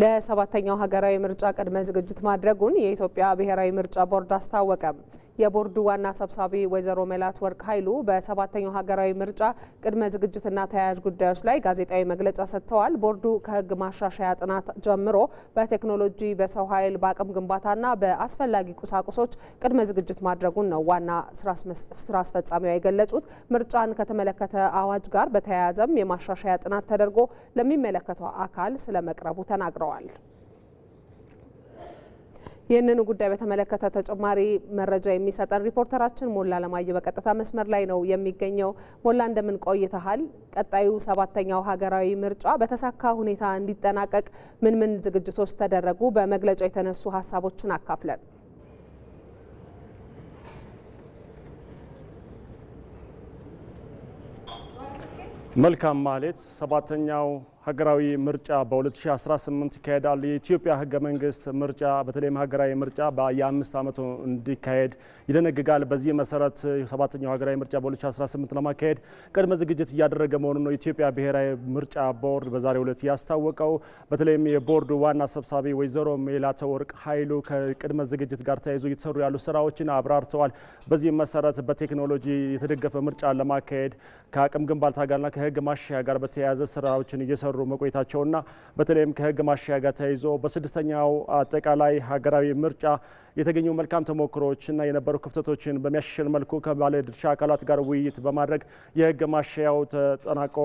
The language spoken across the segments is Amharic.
ለሰባተኛው ሀገራዊ ምርጫ ቅድመ ዝግጅት ማድረጉን የኢትዮጵያ ብሔራዊ ምርጫ ቦርድ አስታወቀ። የቦርዱ ዋና ሰብሳቢ ወይዘሮ መላት ወርቅ ኃይሉ በሰባተኛው ሀገራዊ ምርጫ ቅድመ ዝግጅትና ተያያዥ ጉዳዮች ላይ ጋዜጣዊ መግለጫ ሰጥተዋል። ቦርዱ ከህግ ማሻሻያ ጥናት ጀምሮ በቴክኖሎጂ፣ በሰው ኃይል፣ በአቅም ግንባታና በአስፈላጊ ቁሳቁሶች ቅድመ ዝግጅት ማድረጉን ነው ዋና ስራ አስፈጻሚዋ የገለጹት። ምርጫን ከተመለከተ አዋጅ ጋር በተያያዘም የማሻሻያ ጥናት ተደርጎ ለሚመለከተው አካል ስለመቅረቡ ተናግረዋል። ይህንኑ ጉዳይ በተመለከተ ተጨማሪ መረጃ የሚሰጠን ሪፖርተራችን ሞላ ለማየ በቀጥታ መስመር ላይ ነው የሚገኘው። ሞላ እንደምን ቆይተሃል? ቀጣዩ ሰባተኛው ሀገራዊ ምርጫ በተሳካ ሁኔታ እንዲጠናቀቅ ምን ምን ዝግጅቶች ተደረጉ? በመግለጫው የተነሱ ሀሳቦችን አካፍለን መልካም ማለት ሰባተኛው ሀገራዊ ምርጫ በ2018 ይካሄዳል። የኢትዮጵያ ህገ መንግስት ምርጫ በተለይም ሀገራዊ ምርጫ በየአምስት ዓመቱ እንዲካሄድ ይደነግጋል። በዚህ መሰረት ሰባተኛው ሀገራዊ ምርጫ በ2018 ለማካሄድ ቅድመ ዝግጅት እያደረገ መሆኑን ነው የኢትዮጵያ ብሔራዊ ምርጫ ቦርድ በዛሬው ዕለት ያስታወቀው። በተለይም የቦርዱ ዋና ሰብሳቢ ወይዘሮ ሜላተወርቅ ኃይሉ ከቅድመ ዝግጅት ጋር ተያይዞ እየተሰሩ ያሉ ስራዎችን አብራርተዋል። በዚህ መሰረት በቴክኖሎጂ የተደገፈ ምርጫ ለማካሄድ ከአቅም ግንባታ ጋርና ከህግ ማሻያ ጋር በተያያዘ ስራዎችን እየሰሩ ሲሰሩ መቆየታቸውና በተለይም ከህግ ማሻሻያ ጋር ተያይዞ በስድስተኛው አጠቃላይ ሀገራዊ ምርጫ የተገኙ መልካም ተሞክሮዎችና የነበሩ ክፍተቶችን በሚያሻሽል መልኩ ከባለ ድርሻ አካላት ጋር ውይይት በማድረግ የህግ ማሻያው ተጠናቆ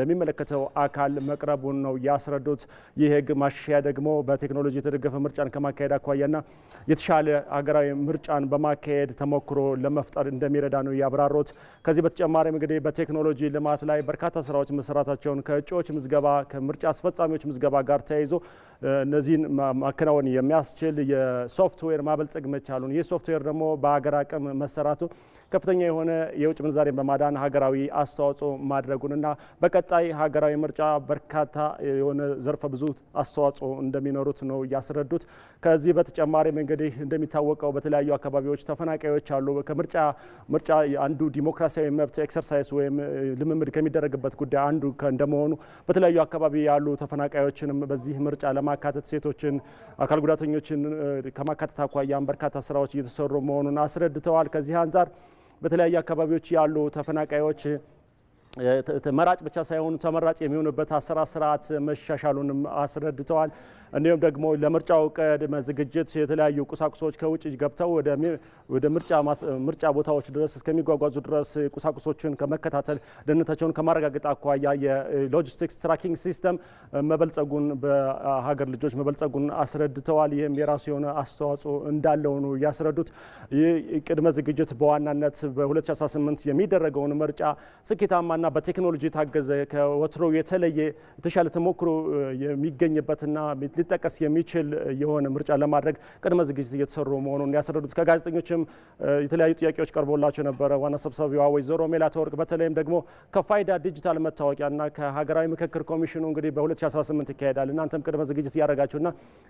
ለሚመለከተው አካል መቅረቡን ነው ያስረዱት። ይህ የህግ ማሻያ ደግሞ በቴክኖሎጂ የተደገፈ ምርጫን ከማካሄድ አኳያና የተሻለ ሀገራዊ ምርጫን በማካሄድ ተሞክሮ ለመፍጠር እንደሚረዳ ነው ያብራሩት። ከዚህ በተጨማሪም እንግዲህ በቴክኖሎጂ ልማት ላይ በርካታ ስራዎች መሰራታቸውን ከእጩዎች ምዝገባ ከምርጫ አስፈጻሚዎች ምዝገባ ጋር ተያይዞ እነዚህን ማከናወን የሚያስችል የሶፍትዌር ሶፍትዌር ማበልጸግ መቻሉን ይህ ሶፍትዌር ደግሞ በሀገር አቅም መሰራቱ ከፍተኛ የሆነ የውጭ ምንዛሬን በማዳን ሀገራዊ አስተዋጽኦ ማድረጉንና በቀጣይ ሀገራዊ ምርጫ በርካታ የሆነ ዘርፈ ብዙ አስተዋጽኦ እንደሚኖሩት ነው እያስረዱት። ከዚህ በተጨማሪም እንግዲህ እንደሚታወቀው በተለያዩ አካባቢዎች ተፈናቃዮች አሉ። ከምርጫ ምርጫ አንዱ ዲሞክራሲያዊ መብት ኤክሰርሳይዝ ወይም ልምምድ ከሚደረግበት ጉዳይ አንዱ እንደመሆኑ በተለያዩ አካባቢ ያሉ ተፈናቃዮችንም በዚህ ምርጫ ለማካተት ሴቶችን፣ አካል ጉዳተኞችን ከማካተት አኳያም በርካታ ስራዎች እየተሰሩ መሆኑን አስረድተዋል። ከዚህ አንጻር በተለያዩ አካባቢዎች ያሉ ተፈናቃዮች መራጭ ብቻ ሳይሆኑ ተመራጭ የሚሆኑበት አሰራር ስርዓት መሻሻሉንም አስረድተዋል። እንዲሁም ደግሞ ለምርጫው ቅድመ ዝግጅት የተለያዩ ቁሳቁሶች ከውጭ ገብተው ወደ ምርጫ ቦታዎች ድረስ እስከሚጓጓዙ ድረስ ቁሳቁሶችን ከመከታተል ደህንነታቸውን ከማረጋገጥ አኳያ የሎጂስቲክስ ትራኪንግ ሲስተም መበልጸጉን በሀገር ልጆች መበልጸጉን አስረድተዋል። ይህም የራሱ የሆነ አስተዋጽኦ እንዳለው ነው ያስረዱት። ይህ ቅድመ ዝግጅት በዋናነት በ2018 የሚደረገውን ምርጫ ስኬታማና በቴክኖሎጂ የታገዘ ከወትሮ የተለየ የተሻለ ተሞክሮ የሚገኝበትና ሊጠቀስ የሚችል የሆነ ምርጫ ለማድረግ ቅድመ ዝግጅት እየተሰሩ መሆኑን ያስረዱት ከጋዜጠኞችም የተለያዩ ጥያቄዎች ቀርቦላቸው ነበረ። ዋና ሰብሳቢዋ ወይዘሮ ሜላትወርቅ በተለይም ደግሞ ከፋይዳ ዲጂታል መታወቂያና ከሀገራዊ ምክክር ኮሚሽኑ እንግዲህ በ2018 ይካሄዳል እናንተም ቅድመ ዝግጅት እያደረጋችሁና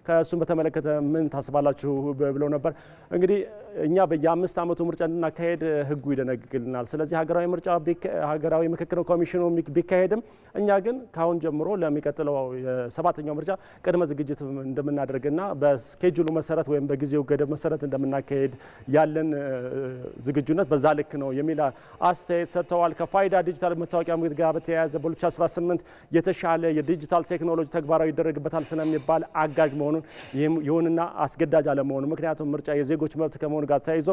ከእሱም በተመለከተ ምን ታስባላችሁ ብለው ነበር። እንግዲህ እኛ በየአምስት ዓመቱ ምርጫ እንድናካሄድ ህጉ ይደነግግልናል። ስለዚህ ሀገራዊ ምርጫ ሀገራዊ ምክክር ኮሚሽኑ ቢካሄድም እኛ ግን ከአሁን ጀምሮ ለሚቀጥለው የሰባተኛው ምርጫ ቅድመ ዝግጅት እንደምናደርግና በስኬጁሉ መሰረት ወይም በጊዜው ገደብ መሰረት እንደምናካሄድ ያለን ዝግጁነት በዛ ልክ ነው የሚል አስተያየት ሰጥተዋል። ከፋይዳ ዲጂታል መታወቂያ ጋር በተያያዘ በ2018 የተሻለ የዲጂታል ቴክኖሎጂ ተግባራዊ ይደረግበታል ስለሚባል አጋዥ መሆኑን ይሁንና አስገዳጅ አለመሆኑ ምክንያቱም ምርጫ የዜጎች መብት ከመሆኑ ጋር ተያይዞ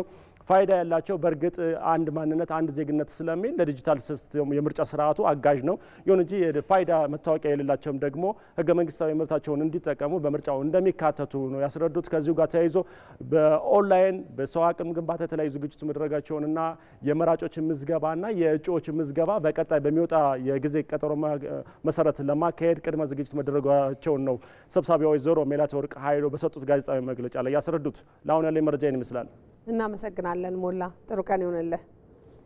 ፋይዳ ያላቸው በእርግጥ አንድ ማንነት አንድ ዜግነት ስለሚል ለዲጂታል ሲስተም የምርጫ ስርዓቱ አጋዥ ነው። ይሁን እንጂ ፋይዳ መታወቂያ የሌላቸውም ደግሞ ህገ መንግስታዊ መብታቸውን እንዲጠቀሙ በምርጫው እንደሚካተቱ ነው ያስረዱት። ከዚሁ ጋር ተያይዞ በኦንላይን በሰው አቅም ግንባታ የተለያዩ ዝግጅት መደረጋቸውንና የመራጮች ምዝገባና የእጩዎች ምዝገባ በቀጣይ በሚወጣ የጊዜ ቀጠሮ መሰረት ለማካሄድ ቅድመ ዝግጅት መደረጋቸውን ነው ሰብሳቢዋ ወይዘሮ ሜላትወርቅ ሀይሎ በሰጡት ጋዜጣዊ መግለጫ ላይ ያስረዱት። ለአሁን ያለ መረጃ ይህን ይመስላል። እናመሰግናለን ሞላ። ጥሩ ቀን ይሆንልህ።